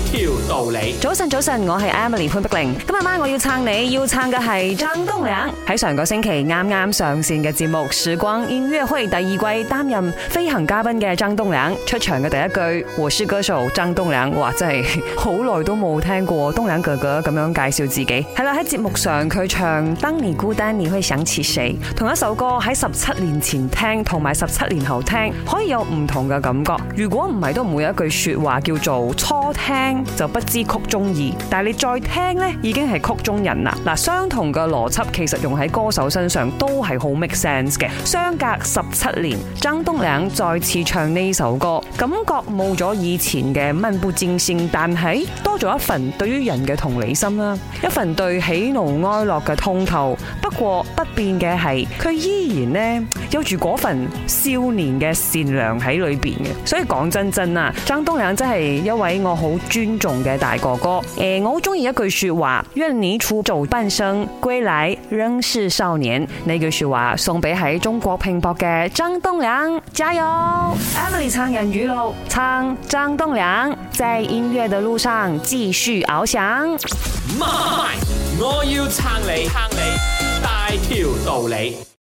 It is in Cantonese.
條道理。早晨，早晨，我係 Emily 潘碧玲。今日晚我要撐你，要撐嘅係張棟樑。喺上個星期啱啱上線嘅節目《時光音樂會》第二季，擔任飛行嘉賓嘅張棟樑出場嘅第一句：我是歌手張棟樑。哇，真係好耐都冇聽過棟樑哥哥咁樣介紹自己。係啦，喺節目上佢唱《當你孤單你會想起誰》，同一首歌喺十七年前聽，同埋十七年後聽，可以有唔同嘅感覺。如果唔係都唔會有一句說話叫做初聽。就不知曲中意，但係你再聽咧，已經係曲中人啦。嗱，相同嘅邏輯其實用喺歌手身上都係好 make sense 嘅。相隔十七年，張棟樑再次唱呢首歌，感覺冇咗以前嘅溫杯戰線，但係多咗一份對於人嘅同理心啦，一份對喜怒哀樂嘅通透。不過不變嘅係，佢依然咧有住嗰份少年嘅善良喺裏邊嘅。所以講真真啊，張棟樑真係一位我好。尊重嘅大哥哥，誒、欸，我好中意一句說話，願你出走半生，歸來仍是少年。呢句說話送俾喺中國拼搏嘅張棟樑，加油！Emily 撐人語錄，撐張棟樑，在音樂嘅路上繼續翱翔。My. 我要撐你，撐你，大條道理。